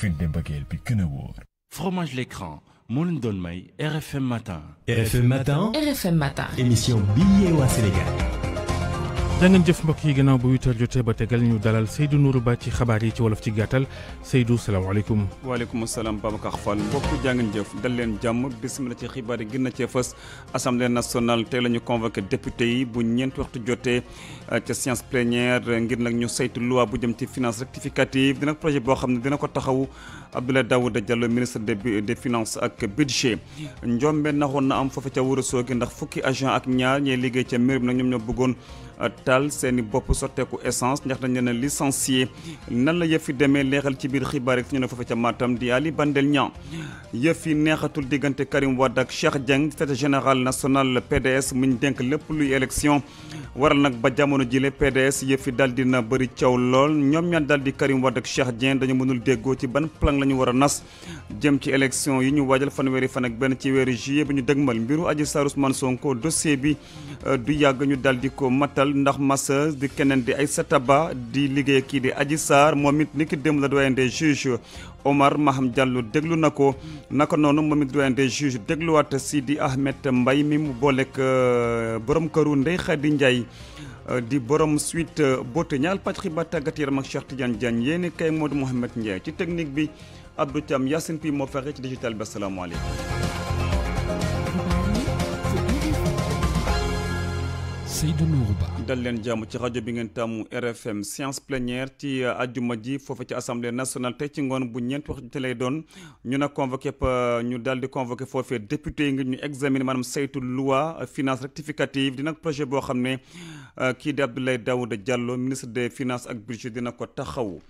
fit de mbëggeel bi gën a wóor fromage l'écran moo leen doon may RFM matin RFM matin RFM matin émission bi Sénégal jàngeen jëf mbokk yi gannaaw bu 8h jotee ba te tegal ñu dalal Seydou Nourou Ba ci xabaar yi ci wolof ci gàttal Seydou salaamaaleykum waaleykum salaam Babacar Fall mbokk jàngeen jëf dal leen jàmm bismila ci xibaar yi gën na cee fës assemblée nationale tey la ñu convoqué député yi bu ñeent waxtu jotee euh, ca séance plénière ngir nag ñu saytu luwaa bu jëm ci finance rectificative dina projet boo xam ne dina ko taxawu Abdoulaye Daouda Diallo ministre des des finances ak budget njombe naxoon na am foofu ca Ourossogui ndax fukki agent ak ñaar ñee liggéey ca mairie nag ñoom ñoo bëggoon taal seen i bopp sotteeku essence ndax dañ leen a licencié nan la yëf yi demee leexal ci biir xibaar yi ñu ne foofu ca Matam di Ali Bandel Niang yëf yi neexatul diggante Karim Wade ak Cheikh Dieng secrétaire général national PDS mu ñu dénk lépp luy élection waral nag ba jamono jile PDS yëf yi dal dina bëri coow lool ñoom ñaan dal di Karim Wade ak Cheikh Dieng dañu mënul déggoo ci ban plan la ñu war a nas jëm ci élection yi ñu waajal fanweeri fan ak benn ci weeru juillet bi ñu dëgmal mbiru Adji Sarr Ousmane Sonko dossier euh, ndax masseuse di keneen di ay sataba di liggéey kii di aji Sarr moo it niki démb la doyen des juges Omar Maham jàll déglu na ko naka noonu moom it doyen des juges dégluwaat Sidi Ahmed Mbaye mi mu booleeg euh, borom këru Ndeye Khady Ndiaye euh, di borom suite euh, boote ñaal pàcc xibaar tàggat yaram ak Cheikh Tidiane Diagne yéen kay Modou Mouhamed Ndiaye ci technique bi Abdou Thiam Yacine Pi moo fexe ci digital bi asalaamaaleykum. Seydou Nourou Ba dal leen jàmm ci rajo bi ngeen tàmmu RFM séance plénière ci ajjuma ji foofu ci assemblée nationale tey ci ngoon bu ñeent waxtu lay doon ñu na convoqué ñu daal di convoqué foofee député yi ngir ñu examiner maanaam saytu loi finance rectificative dina projet boo xam ne euh, kii di Abdoulaye Daouda Diallo ministre des finance ak budget dina ko taxaw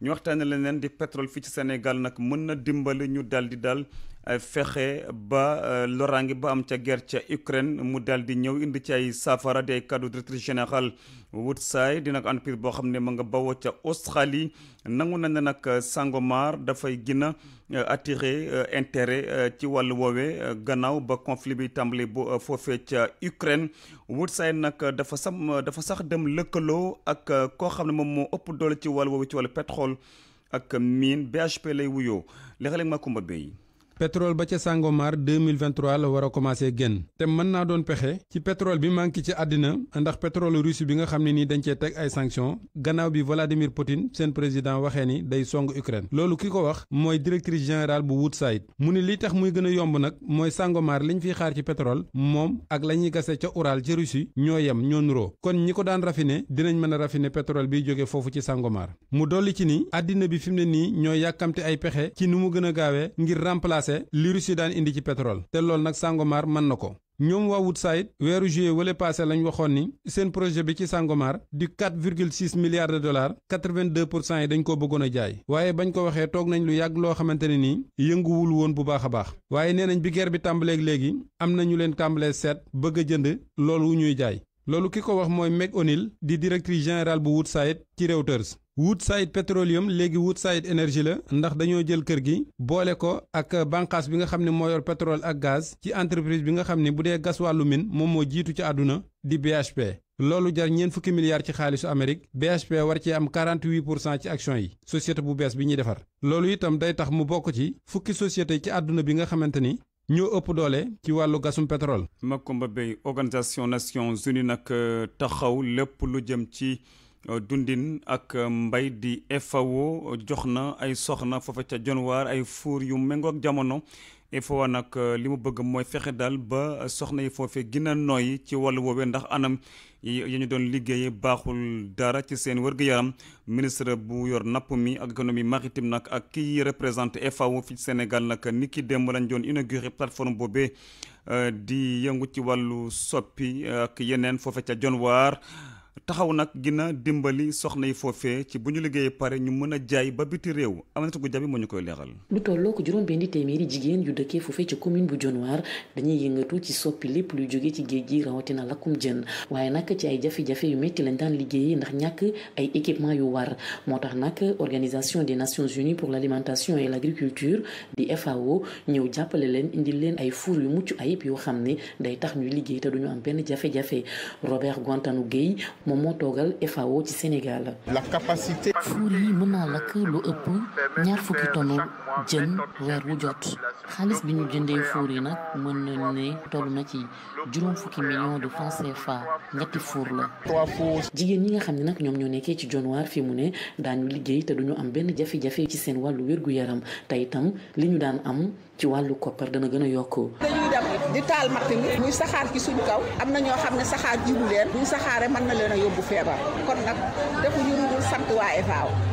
ñu waxtaane leneen di pétrole fii ci Sénégal nag mën na dimbali ñu daal di dal Euh, fexe ba euh, loraange ba am ca guerre ca Ukraine mu daal di ñëw indi ci ay saafara di ay kàddu directeur général Woodside dina ko entreprise boo xam ne mu nga bawoo ca Australie nangu na ne nag euh, Sangomar dafay gën a attirer ci wàllu woowe gannaaw ba conflit bi tàmbali bu foofee ca Ukraine Woodside nag dafa sam dafa sax dem lëkkaloo ak koo xam ne moom moo ëpp doole ci wàllu woowee ci wàllu pétrole ak mine BHP lay wuyoo léeg ma kumba béy pétrole ba ca Sangomar 2023 la war a commencé génn te mën naa doon pexe ci pétrole bi manqué ci àddina ndax pétrole russe bi nga xam ne nii dañ cee teg ay sanctions gannaaw bi Vladimir Poutine seen président waxee ni day song Ukraine loolu ki ko wax mooy directrice générale bu Woodside mu ni lii tax muy gën yomb nag mooy Sangomar liñ fiy xaar ci pétrole moom ak la ñuy gase ca Ural ci Russie ñoo yem ñoo nuroo kon ñi ko daan raffiner dinañ mën a raffiner pétrole biy jóge foofu ci Sangomar mu dolli ci ni àddina bi fi mu ne nii ñoo yàkkamte ay pexe ci nu mu gën a gaawee ngir passé li Russie daan indi ci pétrole te lool nag sangomaar mën na ko ñoom waa Woodside weeru juillet wala passé lañ waxoon ni seen projet bi ci Sangomar di 4,6 milliards de dollars 82 pour cent yi dañ ko bëggoon a jaay waaye bañ ko waxee toog nañ lu yàgg loo xamante ne nii yënguwul woon bu baax a baax waaye nee nañ bi guerre bi tàmbaleek léegi am na ñu leen tàmbalee seet bëgg a jënd loolu ñuy jaay loolu ki ko wax mooy Meg O'Neill di directrice générale bu Woodside ci Reuters Woodside Petroleum léegi Woodside Energy la ndax dañoo jël kër gi boole ko ak bànqaas bi nga xam ne moo yor pétrole ak gaz ci entreprise bi nga xam ni bu dee gas wàllu min moom moo jiitu ci àdduna di BHP loolu jar ñeent fukki milliards ci xaalisu Amérique BHP war ci am 48 pour cent ci action yi société bu bees bi ñuy defar loolu itam day tax mu bokk ci fukki société ci àdduna bi nga xamante ni ñoo ëpp doole ci wàllu gasum pétrole. Makumba Bey organisation Nations Unies nag taxaw lépp lu jëm ci euh, dundin ak euh, mbay di FAO jox na ay soxna foofa ca jonwaar ay fuur yu méngoo ak jamono. FAO nag euh, li mu bëgg mooy fexe daal ba soxna yi foofee gën a ci wàllu woowee ndax anam. yi ñu doon liggéeye baaxul dara ci seen wér-gu-yaram ministre bu yor napp mi ak économie maritime nag ak kii représenté FAO fi Sénégal nag nit ki démb lañ doon inauguré plateforme boobee euh, di yëngu ci wàllu soppi euh, ak yeneen foofe ca Dionewar taxaw nag gina dimbali soxna yi foofee ci bu ñu liggéeyee pare ñu mën a jaay ba biti réew Aminata gu jabi moo ñu koy leexal lu tolloo ko juróom benn téeméeri jigéen yu dëkkee foofee ci commune bu Dionewar dañuy yëngatu ci soppi lépp lu jóge ci géej gi rawatina lakkum jën waaye nag ci ay jafe-jafe yu métti lañ daan liggéeyee ndax ñàkk ay équipement yu war moo tax nag organisation des nations unies pour l'alimentation et l'agriculture di FAO ñëw jàppale leen indi leen ay four yu mucc ayib yoo xam ne day tax ñuy liggéey te am benn jafe-jafe Robert Guantanu moom moo toogal FAO ci Sénégal. la capacité. fuur yi mën naa lakk lu ëpp ñaar fukki tonnes jën weer wu jot xaalis bi ñu jëndee fuur yi nag mën nañu ne toll na ci juróom fukki millions de francs CFA ñetti fuur la. jigéen ñi nga xam ne nag ñoom ñoo nekkee ci jonwaar fi mu ne daañu liggéey te duñu am benn jafe-jafe ci seen wàllu wér yaram te itam li ñu daan am ci wàllu koppar dana gën a yokk. dañuy dem di taal matt mi muy saxaar ci suñ kaw am na ñoo xam ne saxaar jibu leen buñ saxaaree mën na leen yóbbu feebar kon nag defuñu lu dul sant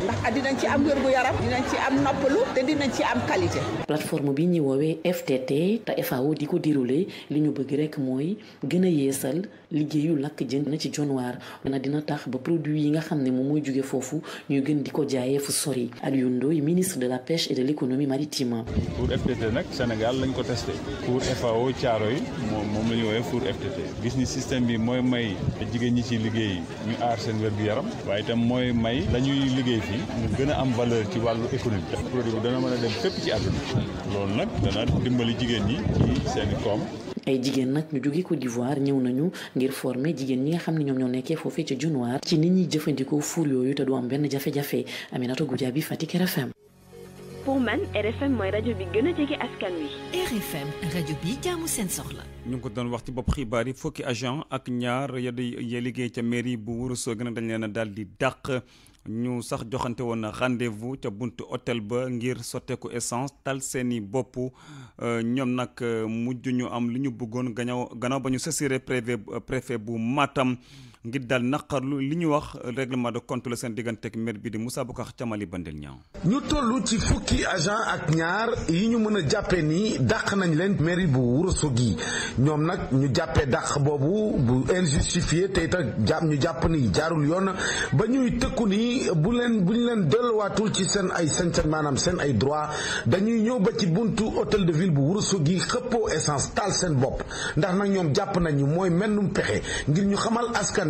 ndax ah, dinañ ci am wér gu yaram dinañ ci am noppalu te dinañ ci am qualité. plateforme bi ñuy woowee FTT te FAO di ko déroulé li ñu bëgg rek mooy gën a yeesal liggéeyu lakk jën na ci jonwaar na dina tax ba produit yi nga xam ne moom mooy jóge foofu ñuy gën di ko jaayee fu sori Aliou Ndoye ministre de la pêche et de l' économie maritime. pour FTT nag Sénégal lañ ko testé. pour FAO caaro yi moom moom la ñu woowee pour FTT gis ni système bi mooy may jigéen ñi ci liggéey ñu aar seen wér bi ñu am valeur ci wàllu économie dana mën a dem fépp ci àdduna loolu nag dana dimbali jigéen ñi ci seen koom ay jigéen nag ñu jóge ko d'Ivoire ñëw nañu ngir former jigéen ñi nga xam ne ñoom ñoo nekkee foofee ci Dionewar ci nit ñuy jëfandikoo fuur yooyu te du am benn jafe-jafe Aminata Goudiaby Fatick RFM pour man RFM mooy rajo bi gën a jege askan wi. RFM rajo bi jaamu seen soxla. ñu ngi ko doon wax ci bopp xibaar yi fukki agent ak ñaar ya di ya liggéey ca mairie bu Wourossogui gën a dañ leen a daal di dàq. ñu sax joxante woon rendez-vous ca buntu hôtel ba ngir sotteeku essence tal seeni bopp euh, ñoom nag euh, mujj ñu am li ñu bëggoon gannaaw ganaaw ba ñu sasiré préfet préfet bu Matam ngir daal naqarlu li ñu wax règlement de compte la seen diggante ak maire bi di Moussa Boucar Camali Bandel Niang ñu toll ci fukki agent ak ñaar yi ñu mën a jàppee nii dàq nañ leen mairie bu Ourossogui ñoom nag ñu jàppee dàq boobu bu injustifié tey itam jàpp ñu jàpp ni jaarul yoon ba ñuy tëkku ni bu leen bu ñu leen delluwaatul ci seen ay sañ-sañ maanaam seen ay droit dañuy ñëw ba ci buntu hôtel de ville bu Ourossogui xëppoo essence taal seen bopp ndax nag jàpp nañu mooy mennum pexe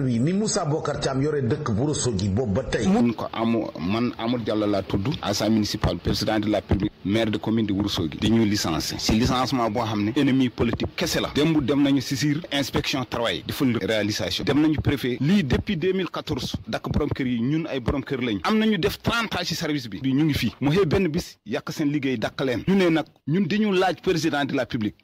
wi ni Moussa Bocar Thiam yore dëkk Ourossogui boobu ba tey. mun ko amu man Amadou Diallo laa président de la République maire de commune de Ourossogui di ñu licencié si licenciement boo xam ne ennemi politique kese la démb dem nañu saisir inspection travail deful réalisation dem nañu préfet lii depuis dakk borom kër ñun ay borom kër lañu am nañu def trente ci service bi ñu ngi fii mu xëy benn bis yàq seen liggéey dakk leen ñu ne nag ñun de la République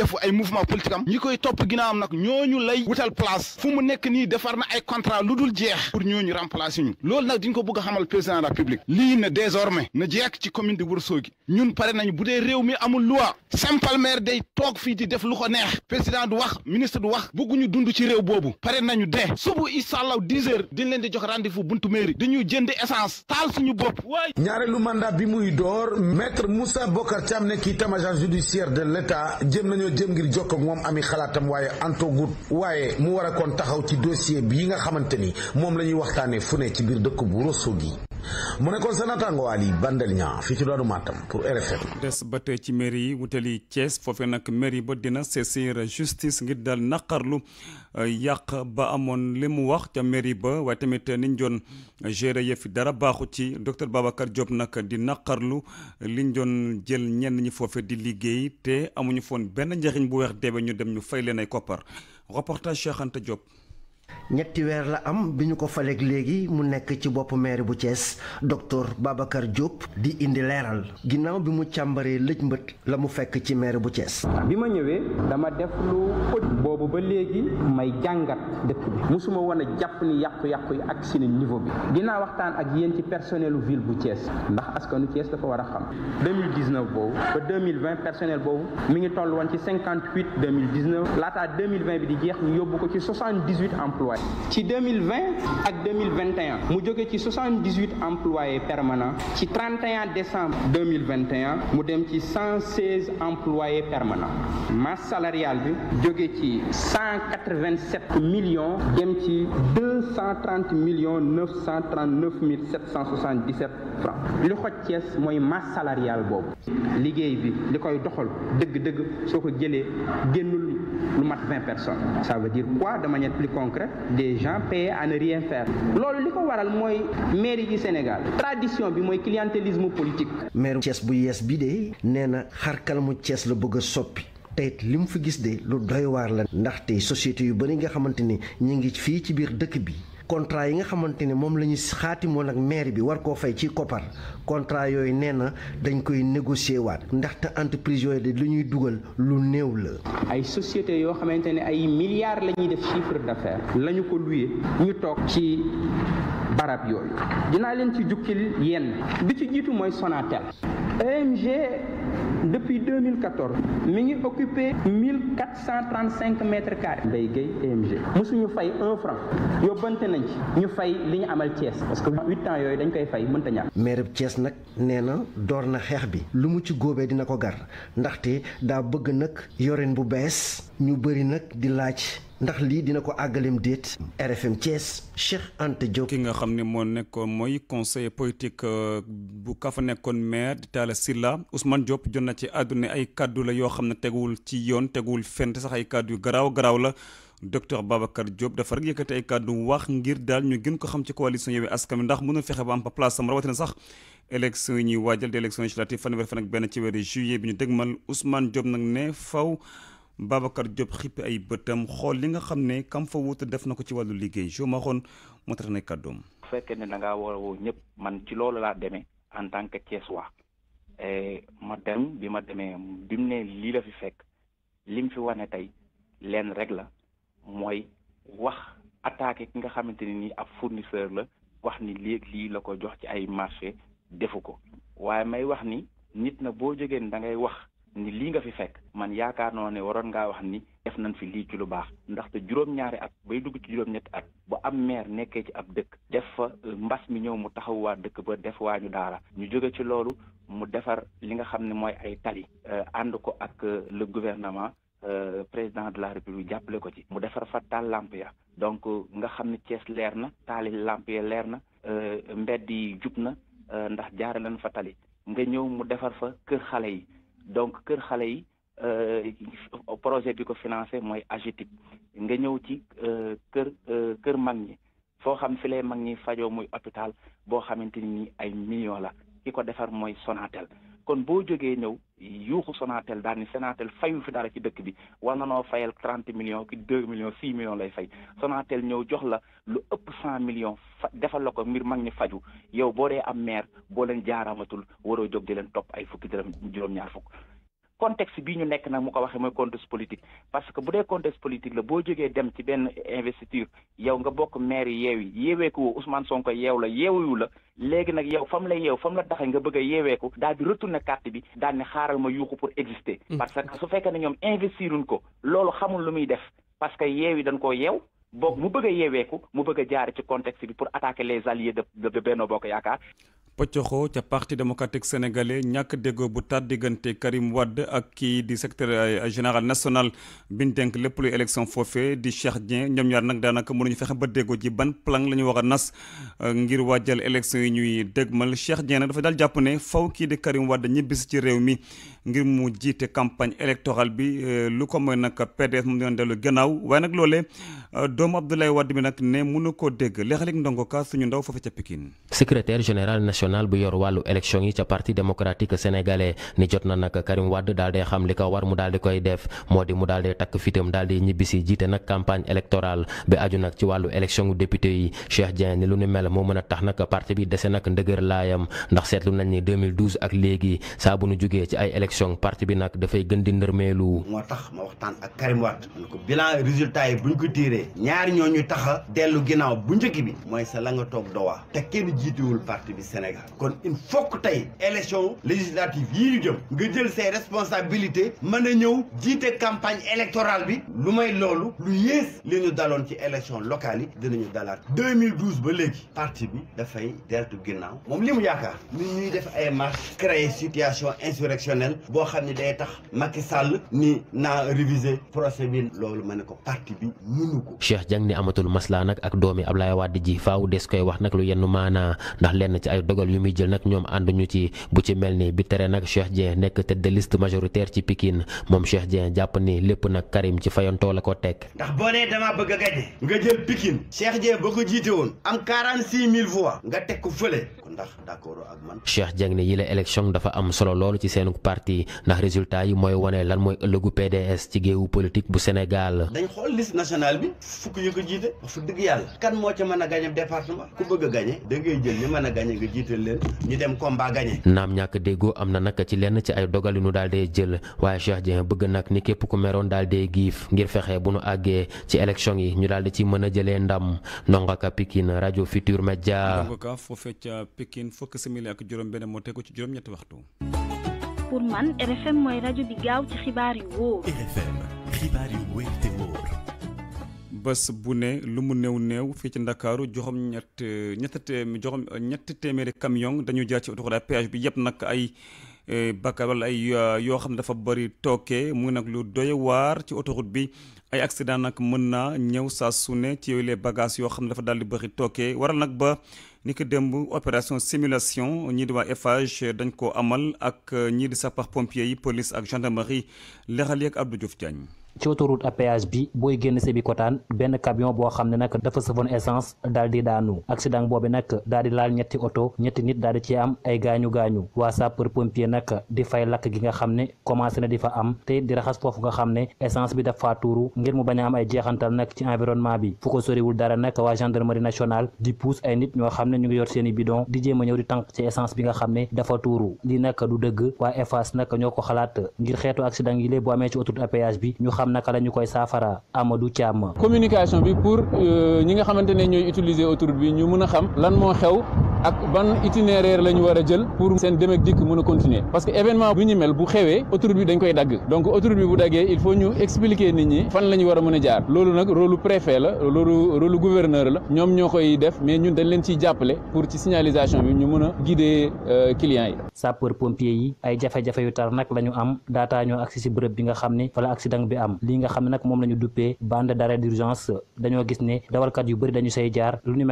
def ay mouvement politique am ñi koy topp ginnaawam nag ñooñu lay wutal place fu mu nekk nii defar na ay contrat lu dul jeex pour ñooñu remplacer ñu loolu nag diñ ko bëgg xamal président de la République lii ne désormais na jeek ci commune de Ourossogui ñun pare nañu bu dee réew mi amul loi simple maire day toog fii di def lu ko président du wax ministre du wax bëgguñu dund ci réew boobu pare nañu dee subu inshallah dix heures diñ leen de l'État jëm nañoo jëm ngir jokk moom ami xalaatam waaye antogut waaye mu war a kon taxaw ci dossier bi nga xamante ni moom la ñuy waxtaane fu ne ci biir dëkk bu Rosso gi mu nekkoon sa naataango Ali Bandel ñaa fii ci doonu Matam pour RFM. des ba tey ci mairie yi wutali cees foofee nag mairie ba dina saisir justice ngir daal naqarlu euh, yàq ba amoon li mu wax ca mairie ba waaye tamit niñ doon gérer fi dara baaxu ci docteur Babacar Diop nag di naqarlu liñ doon jël ñenn ñi foofe di liggéey te amuñu foon benn njaxiñ bu weex deebe ñu dem ñu fay leen ay koppar reportage Cheikh Anta ñetti weer la am bi ñu ko faleeg léegi mu nekk ci bopp maire bu Thiès docteur Babacar jóob di indi leeral ginnaaw bi mu càmbaree lëj mbët la mu fekk ci maire bu cees bi ma ñëwee dama def lu ëpp boobu ba léegi may jàngat dëkk bi musuma woon a jàpp ni yàqu-yàqu yi ak seen niveau bi dinaa waxtaan ak yéen ci personnelu ville bu Thiès ndax askanu Thiès dafa war a xam boobu ba personnel boobu mi ngi toll woon ci 58 2019 laataa 2020 bi di jeex ñu yóbbu ko ci 78 employés ci 2020 ak 2021 mu jóge ci 78 employés permanents ci 31 décembre 2021 mu dem ci 116 employés permanents masse salariale bi jóge ci 187 millions dem ci 230 millions 939 mille 777 francs li xoj Cees mooy masse salariale boobu liggéey bi li koy doxal dëgg-dëgg soo ko jëlee génnul lu mat vingt personnes ça veut dire quoi de manière plus concrète des gens payés à ne rien faire loolu li ko waral mooy mairie Sénégal tradition bi mooy clientélisme politique. maire Thiès bu yees bi de nee na xar kalamu Thiès la bëgg a soppi. tey li mu fi gis de lu doy waar la ndaxte société yu bari nga xamante ni ñu ngi fii ci biir dëkk bi contrat yi nga xamante ne moom la ñu xaatimoon ak maire bi war koo fay ci koppar contrat yooyu nee na dañ koy négocier waat ndaxte entreprise yooyu de lu ñuy dugal lu néew la. ay société yoo xamante ne ay milliards la ñuy def chiffre d'affaires lañu ko luye ñu toog ci. barab yooyu dinaa leen ci jukkil yenn bi ci jiitu mooy Sonatel EMG depuis 2014 mi ngi occupé 1435 mètres carrés Mbaye Gueye EMG mosuñu fay un franc yóbbante nañ ci ñu fay li ñu amal Thiès parce que huit ans yooyu dañ koy fay mënta ñàkk. maire Thiès nag nee na door na xeex bi lu mu ci góobee dina ko gar ndaxte daa bëgg nag yorin bu bees ñu bëri nag di laaj. ndax lii dina ko àggaleem déet RFM Thiès Cheikh Anta Diop. ki nga xam ne moo nekkoon mooy conseil politique euh, bu ka fa nekkoon maire di Talla Sylla Ousmane Diop jot na ci àdduna ay kàddu la yoo xam ne tegul ci yoon teguwul fent sax ay kàddu yu garaaw garaaw la. docteur Babacar Diop dafa rek yëkkati ay kàddu wax ngir daal ñu gën ko xam ci coalition Yewwi Askan Wi ndax mënul fexe ba am pa place am rawatina sax élection yi ñuy waajal di élection législative fanweer fan ak benn ci weeru juillet bi ñu dégmal Ousmane Diop nag ne faw Babacar Diop xippi ay bëtam xool li nga xam ne kam fa wuute def na ko ci wàllu liggéey jo ma xoon moo tax ne kàddoom bu fekkee ne da ngaa war a woo ñëpp man ci loolu laa demee en tant que Thiessois e, ma dem bi ma demee bi mu ne lii la fi fekk li mu fi wane tey leen rek la mooy wax attaqué ki nga xamante ne nii ab fournisseur la wax ni léeg lii la ko jox ci ay marché defu ko waaye may wax ni nit na boo jógee da wax ni lii nga fi fekk man yaakaar noo ne waroon ngaa wax ni def nañ fi lii ci lu baax ndaxte juróom-ñaari at bay dugg ci juróom-ñetti at bu am meer nekkee ci ab dëkk def fa euh, mbas mi ñëw mu taxaw waa dëkk ba def waa ñu daara ñu jóge ci loolu mu defar li nga xam ne mooy ay tali euh, ànd ko ak euh, le gouvernement président de la république jàppale ko ci mu defar fa taal lamp ya donc nga xam ne Thiès leer na taali lamp ya leer na mbedd yi jub na ndax jaare lañ fa tali nga ñëw mu defar fa kër xale yi donc kër xale yi euh, projet bi ko financé mooy AGETIP nga ñëw ci euh, kër euh, kër mag ñi foo xam fi lay mag ñi fajoo muy hôpital boo xamante ni ay millions la ki ko defar mooy Sonatel kon boo jógee ñëw yuuxu Sonatel daal ni Sonatel fayu fi dara ci dëkk bi war na noo fayal trente million ki deux millions six millions lay fay Sonatel ñëw jox la lu ëpp cent millions fa defal la ko ngir mag ñi faju yow boo dee am maire boo leen jaaraamatul waroo jóg di leen topp ay fukki dërëm juróom-ñaar fukk contexte bi ñu nekk nag mu ko waxee mooy contexte politique parce que bu dee contexte politique la boo jógee dem ci benn investiture yow nga bokk yeew yi yeewi yeeweeku woo Ousmane Sonko yeew la yeewu la léegi nag yow fam la yeew fam la taxe nga bëgg a yeeweeku daal di na carte bi daal ne xaaral ma yuuxu pour exister mm. parce que su fekkee ne ñoom investiruñ ko loolu xamul lu muy def parce que yeew yi dañ koo yeew boog mu bëgg a yeeweeku mu bëgg a jaar ci contexte bi pour attaquer les alliés de de Benno Bokk Yaakaar. poccoxoo ca parti démocratique sénégalais ñàkk déggoo bu tar diggante Karim Wade ak kii di secrétaire euh, général national bi ñu lépp luy élection foofee di Cheikh Dieng ñoom ñaar nag daanaka ñu fexe ba déggoo ji ban plan la ñu war a nas euh, ngir waajal élection yi ñuy dégmal Cheikh Dieng nag dafa daal jàpp ne faw kii di Karim Wade ñibbisi ci réew mi ngir mu jiite campagne électorale bi euh, lu ko mooy nag PDS moom doon doomu Abdoulaye Wade bi nag ne mënu koo dégg leexalik ndongo ka suñu ndaw foofu ca Pikine secrétaire général national bu yor wàllu élection yi ca parti démocratique sénégalais ni jot na nag Karim Wade daal dee xam li ko war mu daal di koy def moo di mu daal takk fitam daal ñibbisi jiite nag campagne électorale bi aju nag ci wàllu élection gu yi Cheikh Dieng ni lu ni mel moo mën a tax nag parti bi dese nag ndëgër laayam ndax seetlu nañ ni ak léegi di ndërmeelu moo tax ma ñaari ñoo ñu tax dellu ginnaaw bu njëkk bi mooy sa la nga toog dowaa te kenn jiituwul parti bi Sénégal kon il faut tey élection législative yii ñu jëm nga jël say responsabilité mën a ñëw jiite campagne électorale bi lu may loolu lu yées li ñu daloon ci élection locale yi dinañu dalaat 2012 ba léegi parti bi dafay deltu ginnaaw moom li mu yaakaar ni ñuy def ay marche créer situation insurrectionnelle boo xam ne day tax Macky Sall ni na réviser procès bi loolu ma ne ko parti Cheikh Dieng ni amatul maslaa nag ak doomi Ablaye Wade ji faaw des koy wax nag lu yenn maanaa ndax lenn ci ay dogal yu muy jël nag ñoom ànduñu ci bu ci mel ni bi tere nag Cheikh Dieng nekk tête de liste majoritaire ci Pikine moom Cheikh Dieng jàpp ni lépp nag Karim ci fayantoo a ko teg. ndax boo nee damaa bëgg a gañe nga jël Pikine Cheikh Dieng ba ko jiite woon am 46000 voix nga teg ko fële ndax d'accord ak man. Cheikh Dieng yi la élection am solo loolu ci seen parti ndax résultat yi mooy wane lan mooy ëllëgu PDS ci géewu politique bu senegaal dañ xool liste nationale bi fukk yu ko jiite wax dëgg yàlla kan moo ca mën a gañe département ku bëgg a gañe jël ñi mën a nga jiital leen ñu dem combat gañe. naam ñàkk déggoo am na nag ci lenn ci ay dogalinu yu daal dee jël waaye Cheikh Dieng bëgg nag ni képp ku meroon daal dee giif ngir fexe bu nu àggee ci élection yi ñu daal di ci mën a jëlee ndam ndongo ka rajo Futur Media. Pikine fukk simili ak ci juróom-ñetti bu ne lu mu néew néew fii ci ndakaaru joxam ñett ñett téeméeri camion dañu jaar ci autoroute à péage bi yëpp nag ay. Eh, bàkkaar wala ay ah, yoo xam ne dafa bëri tooke mu ngi nag lu doy waar ci autoroute bi ay accident nag mën naa ñëw saa su ne ci yooyu les bagages yoo xam ne dafa daal di bëri tooke waral nag ba ni ko démb opération simulation ñii di waa Eiffage dañ ko amal ak ñii di sapeur pompier yi police ak gendarmerie leeral yeeg Abdou Diouf Diagne. ci autoroute à péage bi booy génn Sébikotane benn camion boo xam ne nag dafa sëfoon essence daal di daanu accident boobi nag daal di laal ñetti oto ñetti nit daal di ci am ay gaañu gaañu waa sapeur pompier nag di fay lakk gi nga xam ne commencé na di fa am te di raxas foofu nga xam ne essence bi dafa tuuru ngir mu bañ a am ay jeexantal nag ci environnement bi fu ko soriwul dara nag waa gendarmerie nationale di pousse ay nit ñoo xam ne ñu ngi yor di jéem a ñëw di xam ne dafa tuuru lii nag du dëgg waa EFAS nag ñoo ko xalaat ngir xeetu accident xam naka la ñu koy saafara Amadou Thiam. communication bi pour euh, ñi nga xamante ne ñooy utiliser autoroute bi ñu mën a xam lan moo xew. ak ban itinéraire la ñu a jël pour seen dem ak dikk mën a continuer parce que événement bu ñu mel bu xewee autoroute bi dañ koy dagg donc autoroute bu daggee il faut ñu expliquer nit ñi fan la ñu war a mën a jaar loolu nag rôle préfet la loolu rôle gouverneur la ñoom ñoo koy def mais ñun dañ leen ciy jàppale pour ci signalisation bi ñu mën a guider euh, clients yi. sapeur pompier yi ay jafe-jafe yu tar nag la ñu am daataa ñoo agsi si bërëb bi nga xam ne fa la accident bi am lii nga xam moom la ñu duppee bande d'arrêt d'urgence dañoo gis ne dawalkat yu bëri dañu say jaar lu ñu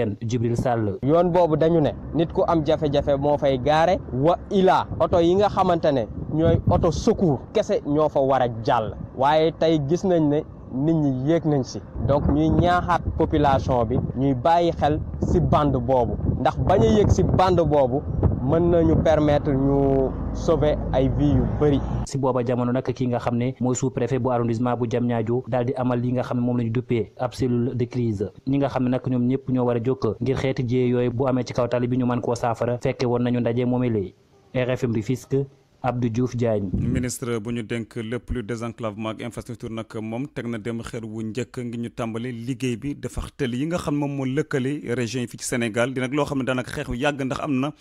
capitaine Djibril Sall. yoon boobu dañu ne nit ku am jafe-jafe moo fay gaare wa ilaa oto yi nga xamante ne ñooy oto secours kese ñoo fa war a jàll waaye tey gis nañ ne nit ñi yéeg nañ si donc ñuy ñaaxaat population bi ñuy bàyyi xel si band boobu ndax bañ a yéeg si bande boobu mën nañu permettre ñu sauver ay vies yu bëri. si booba jamono nak kii nga xam ne mooy sous préfet bu arrondissement bu Diamniadio daal di amal yi nga xam ne moom la ñu duppee ab de crise ñi nga xam ne nag ñoom ñëpp ñoo war a jóg ngir xeeti jiyee yooyu boo amee ci kaw tali bi ñu mën koo saafara fekke woon nañu ndaje moomee léegi RFM Rufisque Abdou Diouf Diagne. ministre bu ñu dénk lépp lu désenclavement ak infrastructure nag moom teg na dem xeer wu njëkk ngi ñu tàmbali liggéey bi dafa tëli yi nga xam moom moo lëkkale région yi ci Sénégal di loo xam ne daanaka xeex yu yàgg ndax am na.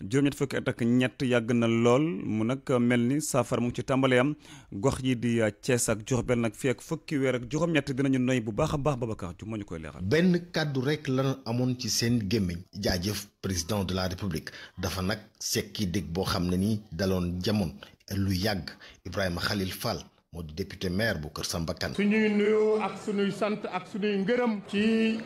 juróom-ñett fukki at ak ñett yàgg na lool mu nag mel ni saafara mu ngi ci tàmbalee am gox yi di Thiès ak Diourbel nag fii ak fukki weer ak juróom-ñett dinañu noy bu baax a baax Babacar ju moo ñu koy leeral. benn kàddu rek lan amoon ci seen gémmiñ jaajëf président de la république dafa nag sekki dégg boo xam ne nii daloon jamono lu yàgg Ibrahima Khalil Fall. moo di député maire bu Kër Samba Kane. suñuy nuyoo ak suñuy sant ak suñuy ngërëm. ci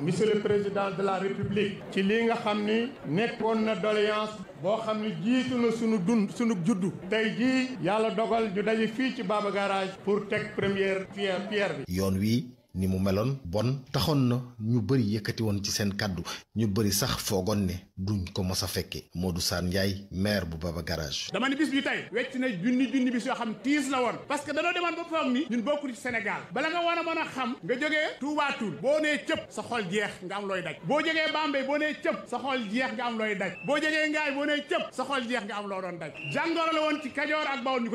monsieur le président de la république ci lii nga xam ni nekkoon na doléance boo xam ni jiitu suna sunu dund sunu juddu tey jii yàlla dogal ñu daje fii ci Baba Garage pour teg première pierre pierre bi yoon wii ni mu meloon bon taxoon na ñu bëri yëkkati woon ci seen kàddu ñu bëri sax foogoon ne duñ ko mos a fekke Modou Sane Ndiaye maire bu Baba Garage dama ne bis bi tey wecc na junni junni bis yoo xam tiis la woon parce que danoo demoon ba foog ni ñun bokkul ci Sénégal bala nga war a mën a xam nga jógee Touba boo nee cëpp sa xol jeex nga am looy daj boo jógee Bambey boo nee cëpp sa xol jeex nga am looy daj boo jógee Ngaay boo nee cëpp sa xol jeex nga am loo doon daj jàngoro la woon ci Kajoor ak Bawol ñu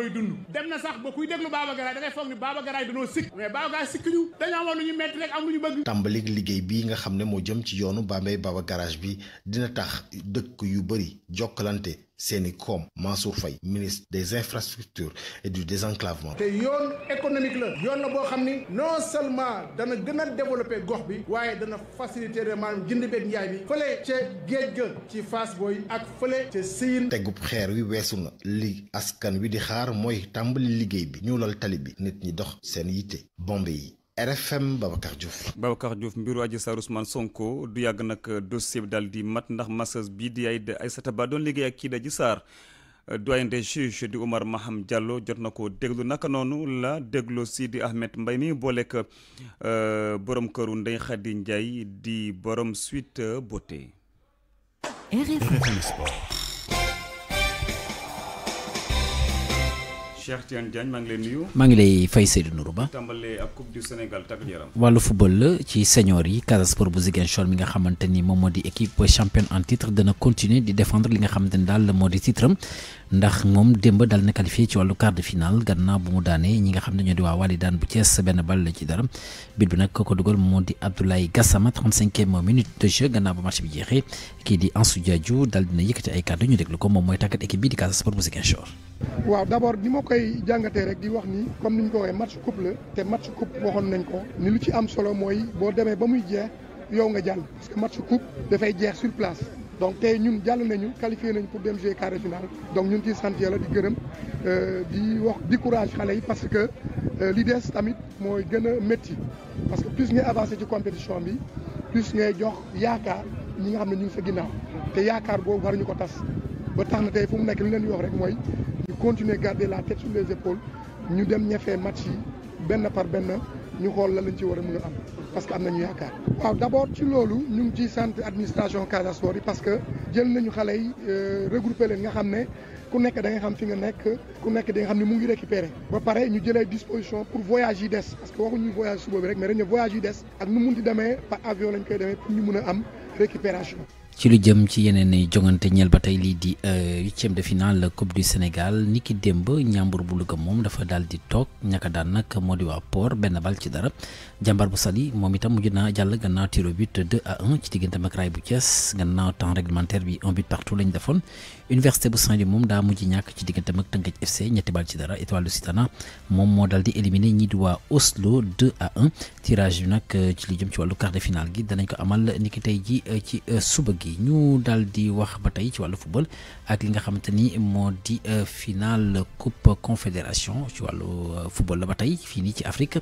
amoon am lu liggéey bii nga xam ne moo jëm ci yoonu Bambey Baba garage bi dina tax dëkk yu bëri jokkalante seeni koom Mansour fay ministre des infrastructures et du désenclavement. te yoon économique la. yoon la boo xam ni non seulement dana gën a développer gox bi. waaye dana faciliter maanaam jënd beeg njaay bi. fële ca géej ga ci Fass ak fële ca Sine. tegub xeer wi weesu na li askan wi di xaar mooy tàmbali liggéey bi ñuulal tali bi nit ñi dox seen yitte bombe yi. RFM Babacar Diouf. Babacar Diouf mbiru Adji Sarr Ousmane Sonko du yàgg nag dossier bi daal di mat ndax masseuse bii di ay Aïssata Ba doon liggéey ak kii di Adji Sarr doyen des juges di Oumar Maham Diallo jot na ko déglu naka noonu la dégloo si di Ahmed Mbaye mi booleeg euh, borom këru Ndeye Khady Ndiaye di borom suite beauté. Cheikh Tidiane Diagne maa ngi lay nuyu. maa ngi lay fay Ba. wàllu football ci senior yi Casa Sport bu Ziguinchor mi nga xamante ni moom moo di équipe championne en titre dana continuer di défendre li nga xamante ni daal moo di titre ndax moom démb dal na qualifié ci wàllu quart de finale gannaaw bu mu daanee ñi nga xam ne ñoo di waa Wali daan bu Thiès benn bal la ci dara bit bi nag ko dugal moo di Abdoulaye Gassama 35e minute de jeu gannaaw ba match bi jeexee kii di Ansou Diadiou dal dina moom mooy tàggat équipe bi di waaw d' abord ni ma koy jàngatee rek di wax ni comme ni ñu ko waxee match coupe te match coupe waxoon nañ ko ni lu ci am solo mooy boo demee ba muy jeex yow nga jàll parce que match coupe dafay jeex sur place donc tey ñun jàll nañu qualifié nañu pour dem jouer quart de finale donc ñun ciy sant yàlla di gërëm euh, di wax di courage xale yi parce que euh, li des tamit mooy gën a métti parce que plus ngay avancé ci compétition bi plus ngay jox yaakaar ñi nga xam ne ñu ngi sa ginnaaw te yaakaar boobu war ñu ko tas ba tax tey fu mu nekk li leen di wax rek mooy continuer garder la tête sur les épaules ñu dem ñefee match yi benn par benn ñu xool la lañ ci war a mën a am parce que am nañu yaakaar. waaw d' abord ci loolu ñu ngi ciy sant administration Casa Sport yi parce que jël nañu xale yi euh, regroupé leen nga xam ne ku nekk da nga xam fi nga nekk ku nekk da nga xam ne mu ngi récupéré. ba pare ñu jëlee disposition pour voyage yi des parce que waxuñu voyage suba bi rek mais dañu voyage yi des ak nu mu munti demee par avion lañ koy demee ñu mun a am récupération. ci lu jëm ci yeneen i jongante ñeel ba tey lii di euh, huitième de finale coupe du Sénégal niki démb ñàmbur bu Louga moom dafa daal di toog ñaka daan nag moo di waa Port benn bal ci dara jambar bu Saly moom itam mujj naa jàll gannaaw tiro but 2 à 1 ci diggante ak Rail bu Thiès gannaaw temps réglementaire bi un but partout lañ defoon université bu Saint-Louis moom daa mujj ñàkk ci diggante ak Teungueth FC ñetti bal ci dara Étoile Lusitana moom moo daal di éliminé ñi di waa Oslo tirage bi nag euh, ci li jëm ci wàllu quart de finale gi danañ ko amal niki tey ji euh, ci suba gi ñu daldi wax ba tey ci wàllu football ak li nga xamante ni moo di euh, finale coupe confédération ci wàllu euh, football la ba tey fii nii ci Afrique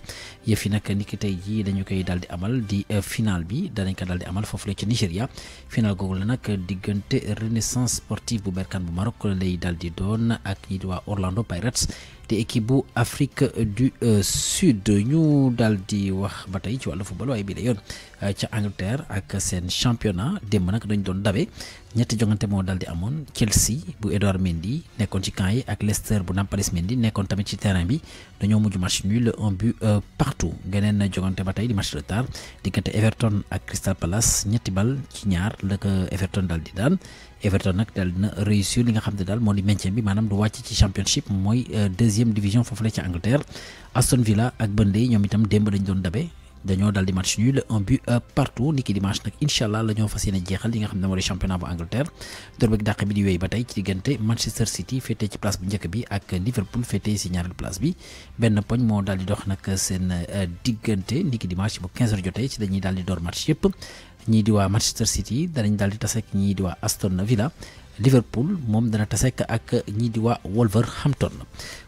yëf yi nag ni tey jii dañu koy daal di amal di euh, finale bi danañ ko daal di amal foofu la ci Nigéria finale googu la nag diggante renaissance sportive bu Berkane bu Maroc lay daal di doon ak ñi diwaa waa Orlando Pirates. te équipe bu Afrique du Sud ñu daal di wax ba tey ci wàllu football waaye bii la yoon ca Angleterre ak seen championnat démb nag dañu doon dabe ñetti jongante moo dal di amoon Chelsea bu Edouard Mendy nekkoon ci camp yi ak Leicester bu Nampalys Mendy nekkoon tamit ci terrain bi dañoo mujj match nul un but euh, partout geneen na jongante ba tey di match retard diggante Everton ak Crystal Palace ñetti bal ci ñaar la ko Everton dal di daan Everton nag dal dina réussir li nga xam ne daal moo di maintien bi maanaam du wàcc ci championship mooy euh, deuxième division foofu la ci Angleterre Aston Villa ak Burnley ñoom itam démb dañ doon dabe. dañoo dal di match nul un but euh, partout ni ki dimanche nag incha allah la ñoo fas yéene jeexal li nga xam ne moo di championnat bu Angleterre dóor beeg dàq bi di wéy ba tey ci diggante Manchester City féetee ci place bu njëkk bi ak Liverpool féetee si ñaareelu place bi benn poñ moo daal di dox nag seen euh, diggante ni ki dimanche bu 15h jotee ci dañuy daal di door match yëpp ñii di waa Manchester City danañ daal di tase ak ñii di waa Aston Villa. Liverpool moom dana tasekk ak ñii di waa Wolverhampton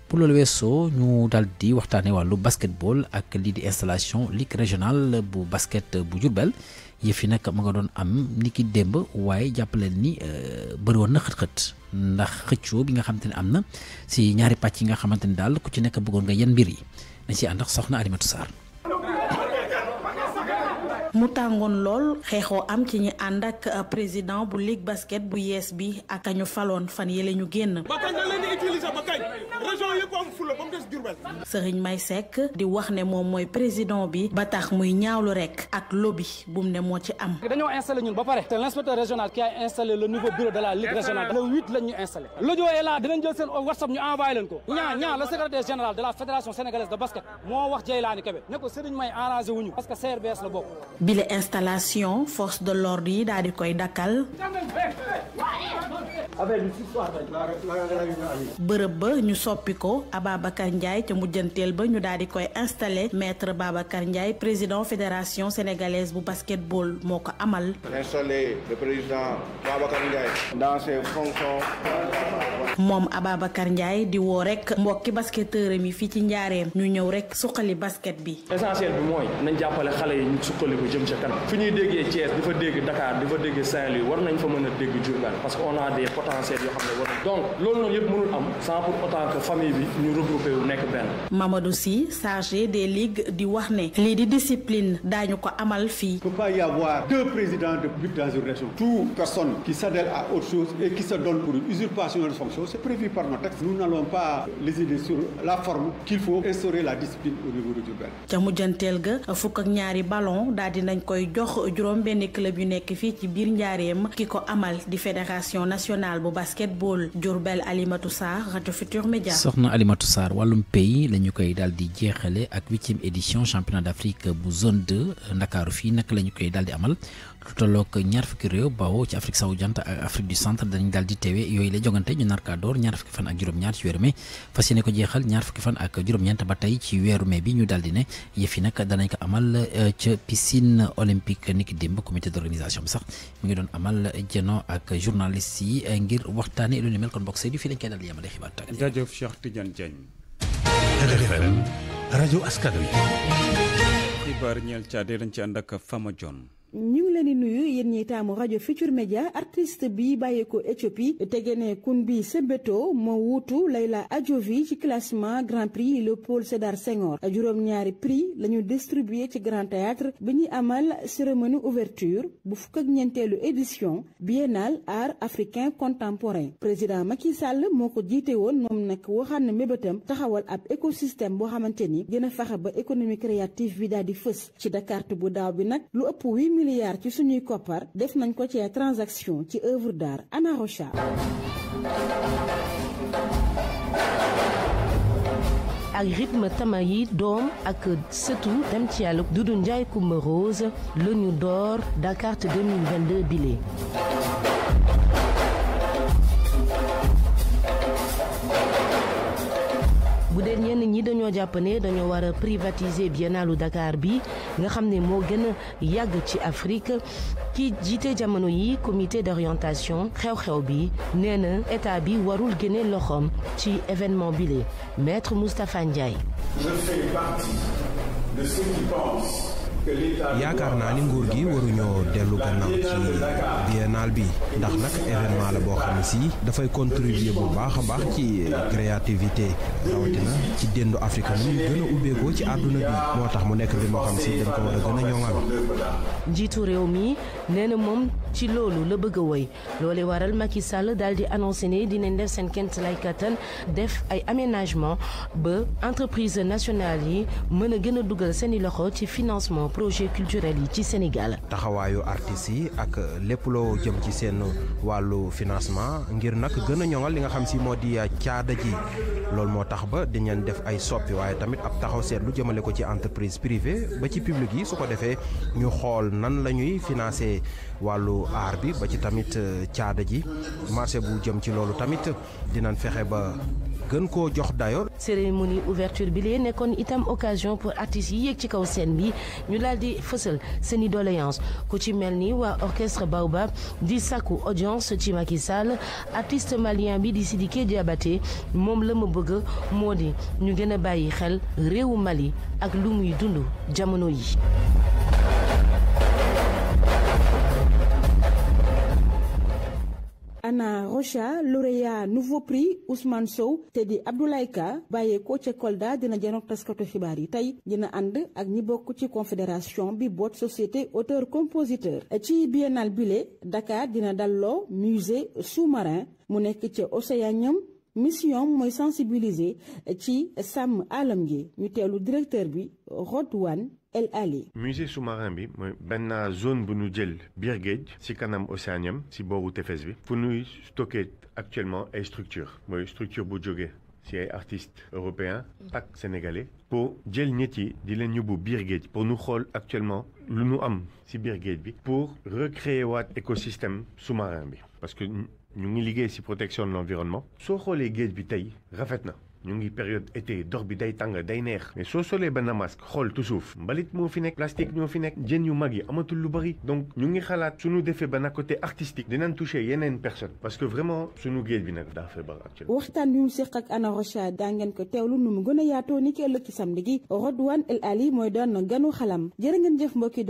pour loolu weesoo ñu daal di waxtaane wàllu basketball ak lii di installation ligue régionale bu basket bu Diourbel yëf yi nag ma nga doon am ni ki démb waaye jàppaleen ni euh, bëri woon na xët-xët ndax xëccoo bi nga xamante ne am na si ñaari pàcc yi nga xamante ni daal ku ci nekk bëggoon nga yan mbir yi nañ si ànd ak soxna Alimatu Sarr mu tàngoon lool xeexoo am ci ñi ànd ak président bu ligue basket bu yees bi ak ñu faloon fan yi lañu génn région yëpp am fula ba May Seck di wax ne moom mooy président bi ba tax muy ñaawlu rek ak lobby bu mu ne moo ci am dañoo installé ñun ba pare te l'inspecteur régional qui a installé le nouveau bureau de la ligue régionale le huit lañ ñu lojo est là jël seen whatsapp ñu envoyé ko ñaa ñaa le secrétaire général de la fédération sénégalaise de basket moo wax Jeylaani Kebe ne ko May arrangé wuñu parce que CRBS la bokk bile installation force de di koy dakkal bërëb ba ko Ababacar Ndiaye ca mujjanteel ba ñu daal di koy installé maître Babacar Ndiaye président fédération sénégalaise bu basketball moo ko amal. installé le président Babacar Ndiaye. dans ses fonctions. moom Ababacar Ndiaye di woo rek mbokki basketteur yi fii ci njaareem ñu ñëw rek suqali basket bi. essentiel bi mooy nañ jàppale xale yi ñu suqali ko jëm ca kanam fi ñuy déggee Thiès di fa dégg Dakar di fa dégg Saint-Louis war nañ fa mën a dégg Diourbel parce que on a des potentiels yoo xam ne war donc loolu noonu yëpp mënul am sans pour autant que famille bi ñu regroupé wu nekk benn. Mamadou Sy chargé des ligues di wax ne lii di discipline daañu ko amal fii. il ne peut pas y avoir deux présidents de but dans une région. impôts, c'est prévu par nos ca mujjanteel ga fukk ak ñaari ballon daal di nañ koy jox juróom benn club yu nekk fii ci biir njaareem ki ko amal di fédération nationale bu basketball Diourbel Alimatou Sarr rajo Futur Média. soxna Alimatou Sarr wàllum pays la ñu koy dal di jeexale ak huitième édition championnat d'Afrique bu zone 2 Ndakaaru fii nag lañu koy dal di amal. lu tolloog ñaar fukki réew bawoo ci Afrique sowu jant ak Afrique du centre dañu daal di teewee yooyu la jogante ka door ñaar fukki fan ak juróom-ñaar ci weeru mai fas yéene ko jeexal ñaar fukki fan ak juróom-ñeent ba tey ci weeru mai bi ñu daal di ne yëf yi nag danañ ko amal euh, ca piscine olympique niki démb comité d'organisation bi sax mu ngi doon amal jeno ak journaliste yi euh, ngir waxtaane lu ni mel kon fi Seydou fii lañ koy daal di yemale xibaar tàggat jaajëf Cheikh Tidiane Diagne dañ ci ànd Fama Dione ngi leen di nuyu yéen ñiy taamu rajo Futur Media artiste bi bàyyeekoo Éthiopie Tegene Kumbi Sebeto moo wuutu Layla Adjovi ci classement grand prix Léopold Sédar Senghor juróom-ñaari prix la ñu distribué ci grand théâtre bi ñuy amal cérémonie ouverture bu fukk ak ñeenteelu édition biennale art africain contemporain président Macky Sall moo ko jiite woon moom nag waxaan na mébétam taxawal ab écosystème boo xamante ni gën a ba économie créative bi daal di fës ci Dakar bu daaw bi nag lu ëpp 8 milliards ci suñuy koppar def nañ ko ci transaction ci œuvre d'art Anna ak rythme tama yi doom ak sëtu dem ci yàlla Doudou Ndiaye Coumba Rose la ñu door Dakar 2022 bile bu dee ñenn ñi dañoo jàpp ne dañoo war a privatiser biennaalu Dakar bi nga xam ne moo gën a yàgg ci Afrique ki jiite jamono yi comité d'orientation xew-xew bi nee na état bi warul génne loxoom ci événement bile maître Moustapha Ndiaye. Je fais partie de ceux qui pensent. yaakaar naa ni nguur gi waruñoo dellu gannaaw ci biennale bi ndax nag événement la boo xam ne dafay contribuer bu baax a baax ci créativité rawatina ci déndu Afrique nu gën a ubbeekoo ci àdduna bi moo tax mu nekk li moo xam si dañ ko war a gën a njiitu réew mi nee na moom ci loolu la bëgg a woy loole waral Macky Sall daal di annoncé ne dinañ def seen kent lay kattan def ay aménagement ba entreprise nationale yi mën a gën a dugal seeni loxo ci financement. projet culturel yi ci Sénégal. taxawaayu artistes yi ak lépp loo jëm ci seen wàllu financement ngir nag gën a ñoŋal li nga xam si moo di caada ji loolu moo tax ba dinañ def ay soppi waaye tamit ab taxaw seetlu jëmale ko ci entreprise privée ba ci public yi su ko defee ñu xool nan la ñuy financer wàllu aar bi ba ci tamit caada ji marché bu jëm ci loolu tamit dinañ fexe ba. gën koo jox dayo cérémonie ouverture bi lee nekkoon itam occasion pour artistes yi yéeg ci kaw seen bi ñu daal di fësal seeni doléance ku ci mel ni waa orchestre Baobab di sakku audience ci Macky Sall artiste malien bi di Sidiki Diabaté moom la ma bëgg moo di ñu gëna bàyyi xel réewu Mali ak lu muy dund jamono yi Anna Rocha lauréat nouveau prix Ousmane Sow te di Abdoulaye bàyyee koo ca Kolda dina janoog taskatu xibaar yi tey dina ànd ak ñi bokk ci confédération bi boot société auteur compositeur ci biennale bile Dakar dina dalloo musée sous-marin mu nekk ca Océanium mission mooy sensibiliser ci sàmm alam gi ñu teelu directeur bi Rodouane El Ali. musée sous bi mooy benn zone bu ñu jël biir géej ci kanam océanium ci boobu tefes bi fu nuy stocké actuellement ay structure mooy structure bu jógee ci ay artistes européens ak sénégalais pour jël nit yi di leen bu biir géej pour ñu xool actuellement lu nu am ci biir géej bi pour recréer waat écosystème sous bi parce que ñu ngi liggéey ci protection de l'environnement soo xoolee géej bi tey rafet na ñu ngi période été dox bi day tàng day neex mais soo solee benn masque xool tu suuf mbalit moo fi nekk plastique ñoo fi nekk jën yu mag yi amatul lu bari donc ñu ngi xalaat suñu defee ba benn côté artistique dinañ toucher yeneen personne parce que vraiment suñu géej bi nag daa feebar actuellement waxtaan bi mu seq ak Anna Rocha daa ngeen ko teewlu nu mu gën a yaatoo ni ki ëllëg ci samedi gi Rodouane El Ali mooy doon ganu xalam jërë ngeen jëf mbokki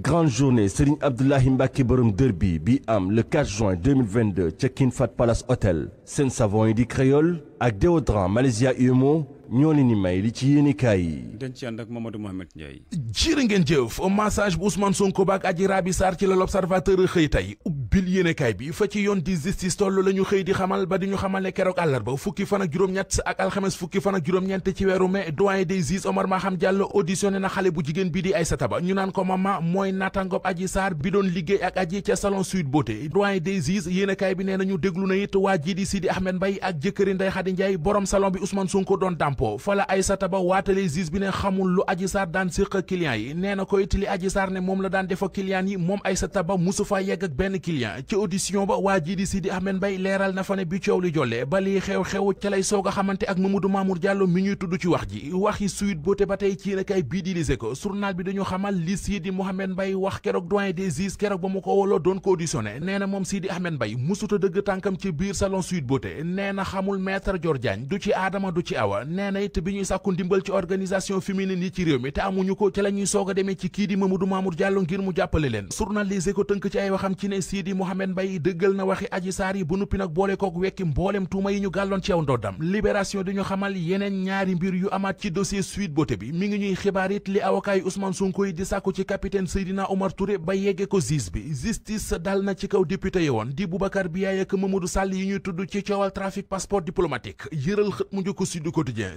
grande journée Serigne Abdoulahi Mbacké borom dër bi bi am le 4 juin 2022 ca King Fahd Palace Hotel seen savon yi di créole ak déodorant Malaysia Umo ñoo leen di may li ci yéene kaay yi. dañ ci ak Mamadou Mohamed Ndiaye. jërë ngeen jëf massage bu Ousmane Sonko ba ak Adji Rabi Sarr ci la l'observateur xëy tey ubbil yéene bi fa ci yoon di justice toll la ñu xëy di xamal ba di ñu xamal ne keroog àllarba fukki fan ak juróom-ñett ak alxames fukki fan ak juróom-ñeent ci weeru mai doyen des juges Omar Maham na xale bu jigéen bi di Aïssata Ba ñu naan ko mama mooy naataangob Adji Sarr bi doon liggéey ak Adji ca salon Sweet Beauté doyen bi nee nañu déglu na it ji di Sidi Ahmed Mbaye ak jëkkëri Ndeye Khady Ndiaye borom salon bi Ousmane Sonko doon dàmp impôt fa la Aïssata Ba bi ne xamul lu Adji daan séq ak yi nee na ko it li ne moom la daan def ak client yi moom Aïssata Ba musu faa yegg ak benn client ci audition ba waa ji di Sidi Ahmed Mbaye leeral na fa ne bi coow li jolle ba liy xew-xew ca lay soog a xamante ak Mamadou Mamour Diallo mi ñuy tudd ci wax ji waxi suite boote ba tey ci yéenekaay bii di lise ko journal bi dañu xamal li Sidi Mohamed Mbaye wax keroog moom Sidi Ahmed Mbaye musuta dëgg tànkam ci biir salon suite boote nee na xamul maître Dior Diagne du ci Adama du ci nee na it bi ñuy sàkku ndimbal ci organisation féminine yi ci réew mi te amuñu ko ci la ñuy soog a demee ci kii di Mamadou Mamour ngir mu jàppale leen journaliste ko tënk ci ay waxam ci ne Sidi Mohamed Mbaye dëggal na waxi Adji yi bu nuppi nag boole kook wekki mboolem tuuma yi ñu gàlloon ci aw ndoddam libération di ñu xamal yeneen ñaari mbir yu amaat ci dossier Sweet Beauté bi mi ngi ñuy xibaar it li avocat yi Ousmane Sonko yi di sàkku ci capitaine Seydina kaw député yi woon di Boubacar ñuy tudd ci coowal trafic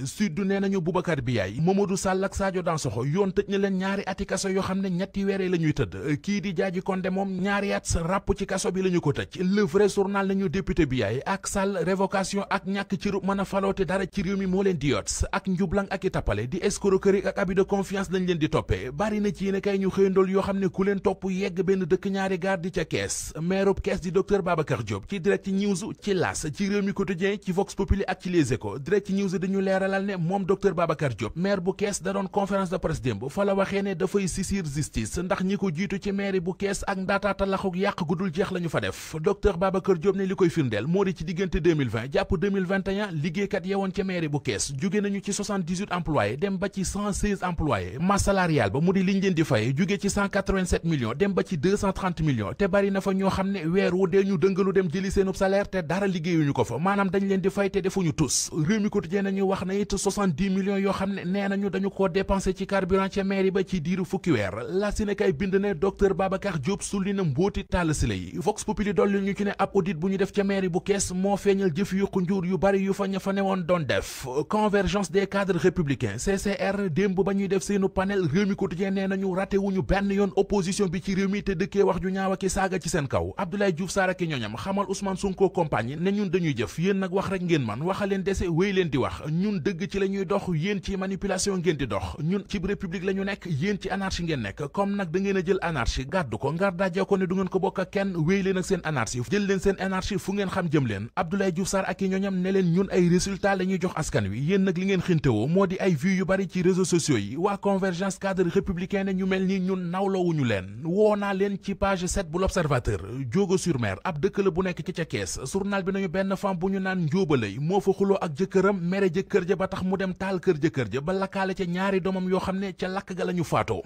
sud du nee nañu Boubacar Biaye Mamadou Sall ak Sadio Dansokho yoon tëj na leen ñaari ati kaso yoo xam ne ñetti weere la ñuy tëdd kii di Diadji Condé moom ñaari at ràpp ci kaso bi la ñu ko tëj le vrai journal nañu député Biaye ak Sall révocation ak ñàkk ci mën a faloote dara ci réew mi moo leen di yot ak njublang ak i tappale di escroquerie ak abus de confiance leen di toppee bari na ci yéen kay ñu xëyandool yoo xam ne ku leen topp benn dëkk ñaari gaar di ca kees maire kees di docteur ci direct ci las ci réew mi quotidien ci Vox Populi ak ci les échos direct moom docteur Babacar Diop maire bu kees da doon conférence de presse démb fa la waxee ne dafay saisir justice ndax ñi ko jiitu ci maire bu kees ak ndaataata laxuk yàq gudul jeex la ñu fa def docteur Babacar Diop ne li koy firndeel moo di ci diggante 2020 jàpp 2021 liggéeykat yewoon ca maire bu kees jóge nañu ci 78 employés dem ba ci 116 employés masse salariale ba mu di liñ leen di fay jóge ci 187 millions dem ba ci 230 te bari na fa ñoo xam ne weer wu dee ñu dëngalu dem jëli seenub dara liggéeyuñu ko fa maanaam dañ leen di fay te defuñu tus réew na it 70 millions yoo xam ne nee nañu dañu koo dépensé ci carburant ca mairie ba ci diiru fukki weer la si ne kay bind ne docteur Babacar Diop sulli na mbóoti tàll si lay dolli ñu ci ne ab audit bu ñu def ca mairie bu kees moo feeñal jëf yu njuur yu bari yu fa ña fa newoon doon def convergence des cadres républicains CCR démb ba ñuy def seenu panel réew mi quotidien nee nañu raté wuñu benn yoon opposition bi ci réew mi te dëkkee wax ju ñaaw ak saaga ci seen kaw Abdoulaye Diouf Sarr ak ñoñam xamal Ousmane Sonko compagnie ne ñun dañuy jëf yéen nag wax rek ngeen man waxa leen dese wéy leen di wax dëgg ci la ñuy dox yéen ci manipulation ngeen di dox ñun ci république la ñu nekk yéen ci anarchie ngeen nekk comme nag da ngeen a jël anarchie gàddu ko ngar daajee ko ne du ngeen ko bokk ak kenn wéy leen ak seen anarchie jël leen seen anarchie fu ngeen xam jëm leen Abdoulaye Diouf ak yi ñooñam ne leen ñun ay résultat la ñuy jox askan wi yéen nag li ngeen xintewoo moo di ay vues yu bari ci réseaux sociaux yi waa convergence cadre républicain ne ñu mel ni ñun nawlawuñu leen woo naa leen ci page 7 bu l'observateur Diogo sur Mer ab dëkk la bu nekk ci ca kees journal bi nañu benn femme bu ñu naan njóobalay moo fa xuloo ak jëkkëram mere ja ba tax mu dem taal kër jëkkër ja ba lakkaale ca ñaari doomam yoo xam ne ca lakk ga la ñu faatoo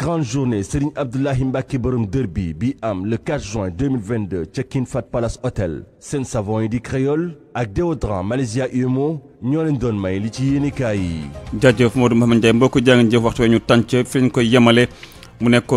grande journée Serigne Abdoulahi Mbacke borom dër bi bi am le 4 juin 2022 ca King Fat Palace Hotel seen savon yi di créole ak déodorant Malaysia Umo ñoo leen doon may li ci yéenekaay yi jaajëf Modou Mouhamed Ndiaye mbokk jaa ngeen jëf waxtu ñu tànc fi koy yemale mu nekk